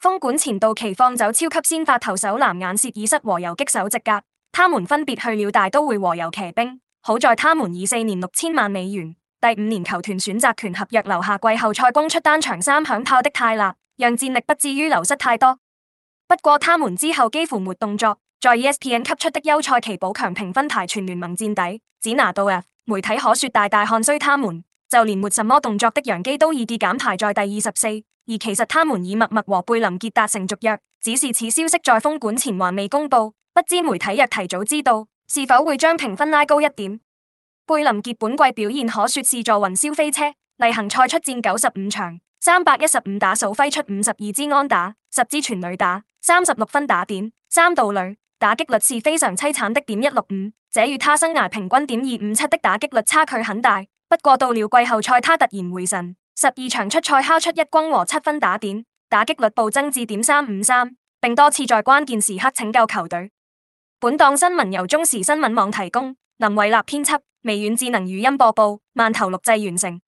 封館前到期放走超級先發投手藍眼謝爾澤和游擊手席格，他們分別去了大都會和遊騎兵。好在他們以四年六千萬美元、第五年球團選擇權合約留下季後賽攻出單場三響炮的泰勒，讓戰力不至於流失太多。不過他們之後幾乎沒動作，在 ESPN 給出的休賽期補強評分排全聯盟墊底，只拿到 F，媒體可說大大看衰他們。就連沒什麼動作的洋基都已跌減排在第二十四，而其實他們已默默和貝林傑達成續約，只是此消息在封館前還未公布，不知媒體若提早知道，是否會將評分拉高一點？貝林傑本季表現可說是坐雲霄飛車，例行賽出戰九十五場，三百一十五打數，揮出五十二支安打，十支全壘打，三十六分打點，三盜壘，打擊率是非常淒慘的點一六五，這與他生涯平均點二五七的打擊率差距很大。不過到了季後賽，他突然回神，十二場出賽敲出一轟和七分打點，打擊率暴增至點三五三，並多次在關鍵時刻拯救球隊。本檔新聞由中時新聞網提供，林偉立編輯，微軟智能語音播報，慢頭錄製完成。